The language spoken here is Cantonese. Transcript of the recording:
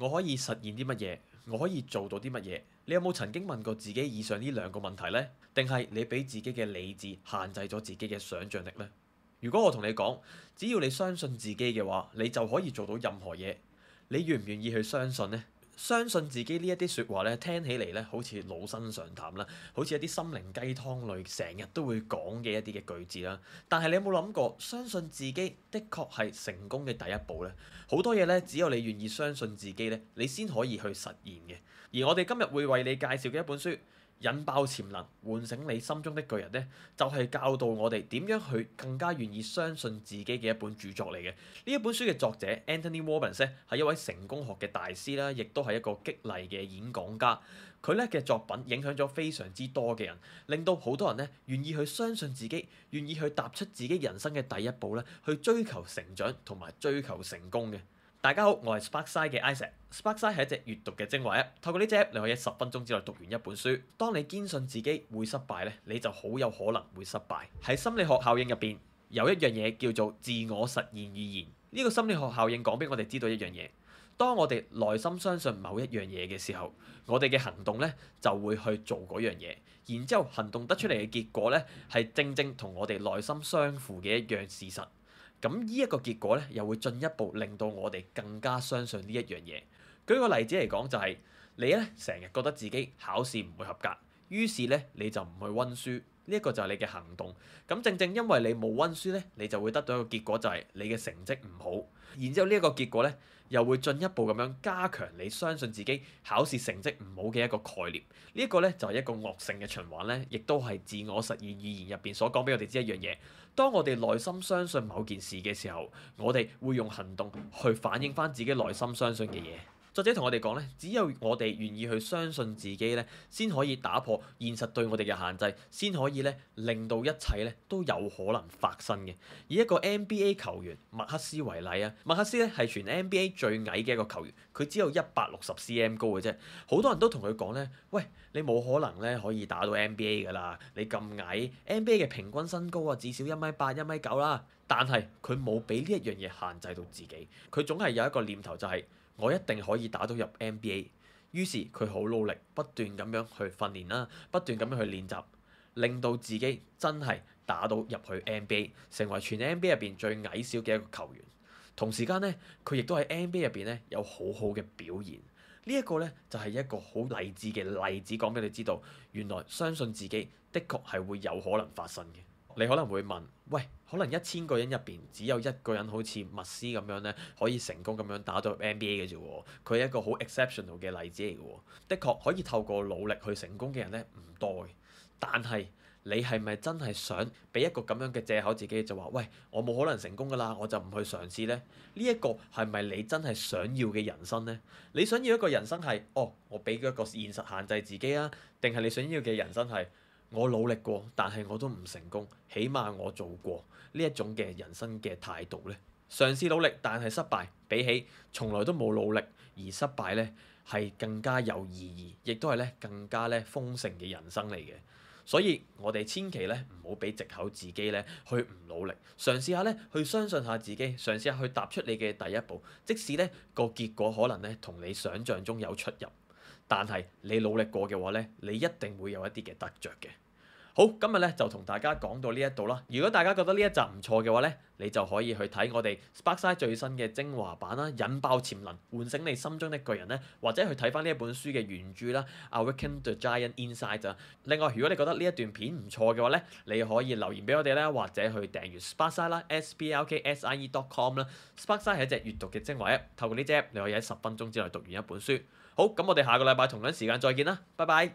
我可以實現啲乜嘢？我可以做到啲乜嘢？你有冇曾經問過自己以上呢兩個問題呢？定係你俾自己嘅理智限制咗自己嘅想像力呢？如果我同你講，只要你相信自己嘅話，你就可以做到任何嘢。你願唔願意去相信呢？相信自己呢一啲説話呢，聽起嚟呢，好似老生常談啦，好似一啲心靈雞湯類，成日都會講嘅一啲嘅句子啦。但係你有冇諗過，相信自己的確係成功嘅第一步呢？好多嘢呢，只有你願意相信自己呢，你先可以去實現嘅。而我哋今日會為你介紹嘅一本書。引爆潛能，喚醒你心中的巨人咧，就係、是、教導我哋點樣去更加願意相信自己嘅一本著作嚟嘅。呢一本書嘅作者 Anthony Robbins 咧，係一位成功學嘅大師啦，亦都係一個激勵嘅演講家。佢咧嘅作品影響咗非常之多嘅人，令到好多人咧願意去相信自己，願意去踏出自己人生嘅第一步咧，去追求成長同埋追求成功嘅。大家好，我係 Sparkside 嘅 Isaac。Sparkside 係一隻閱讀嘅精華 App，透過呢隻 app，你可以喺十分鐘之內讀完一本書。當你堅信自己會失敗咧，你就好有可能會失敗。喺心理學效應入邊，有一樣嘢叫做自我實現預言。呢個心理學效應講俾我哋知道一樣嘢：當我哋內心相信某一樣嘢嘅時候，我哋嘅行動咧就會去做嗰樣嘢，然之後行動得出嚟嘅結果咧係正正同我哋內心相符嘅一樣事實。咁呢一個結果咧，又會進一步令到我哋更加相信呢一樣嘢。舉個例子嚟講，就係，就係你咧成日覺得自己考試唔會合格，於是咧你就唔去溫書。呢一個就係你嘅行動咁，正正因為你冇溫書呢，你就會得到一個結果，就係你嘅成績唔好。然之後呢一個結果呢，又會進一步咁樣加強你相信自己考試成績唔好嘅一個概念。呢一個呢，就係一個惡性嘅循環呢，亦都係自我實現語言入邊所講俾我哋知一樣嘢。當我哋內心相信某件事嘅時候，我哋會用行動去反映翻自己內心相信嘅嘢。作者同我哋講咧，只有我哋願意去相信自己咧，先可以打破現實對我哋嘅限制，先可以咧令到一切咧都有可能發生嘅。以一個 NBA 球員麥克斯為例啊，麥克斯咧係全 NBA 最矮嘅一個球員，佢只有一百六十 cm 高嘅啫。好多人都同佢講咧，喂，你冇可能咧可以打到 NBA 㗎喇，你咁矮，NBA 嘅平均身高啊至少一米八一米九啦。但係佢冇俾呢一樣嘢限制到自己，佢總係有一個念頭就係。我一定可以打到入 NBA，於是佢好努力，不斷咁樣去訓練啦，不斷咁樣去練習，令到自己真係打到入去 NBA，成為全 NBA 入邊最矮小嘅一個球員。同時間咧，佢亦都喺 NBA 入邊咧有好好嘅表現。呢一個咧就係一個好勵志嘅例子，講俾你知道，原來相信自己的確係會有可能發生嘅。你可能會問，喂，可能一千個人入邊，只有一個人好似麥斯咁樣咧，可以成功咁樣打到 NBA 嘅啫喎。佢係一個好 exceptional 嘅例子嚟嘅喎。的確可以透過努力去成功嘅人咧唔多嘅。但係你係咪真係想俾一個咁樣嘅借口自己就話，喂，我冇可能成功㗎啦，我就唔去嘗試咧？呢、這、一個係咪你真係想要嘅人生咧？你想要一個人生係，哦，我俾咗一個現實限制自己啊，定係你想要嘅人生係？我努力過，但係我都唔成功。起碼我做過呢一種嘅人生嘅態度咧，嘗試努力，但係失敗，比起從來都冇努力而失敗咧，係更加有意義，亦都係咧更加咧豐盛嘅人生嚟嘅。所以我哋千祈咧唔好俾藉口自己咧去唔努力，嘗試下咧去相信下自己，嘗試下去踏出你嘅第一步，即使咧個結果可能咧同你想像中有出入。但係你努力過嘅話咧，你一定會有一啲嘅得著嘅。好，今日咧就同大家講到呢一度啦。如果大家覺得呢一集唔錯嘅話呢，你就可以去睇我哋 Sparkside 最新嘅精華版啦，引爆潛能，喚醒你心中嘅巨人呢，或者去睇翻呢一本書嘅原著啦，《Awaken the Giant Inside》。另外，如果你覺得呢一段片唔錯嘅話呢，你可以留言俾我哋啦，或者去訂閱 Sparkside 啦，s b l k s i e dot com 啦。Sparkside 係一隻閱讀嘅精華 app，透過呢隻 app 你可以喺十分鐘之內讀完一本書。好，咁我哋下個禮拜同樣時間再見啦，拜拜。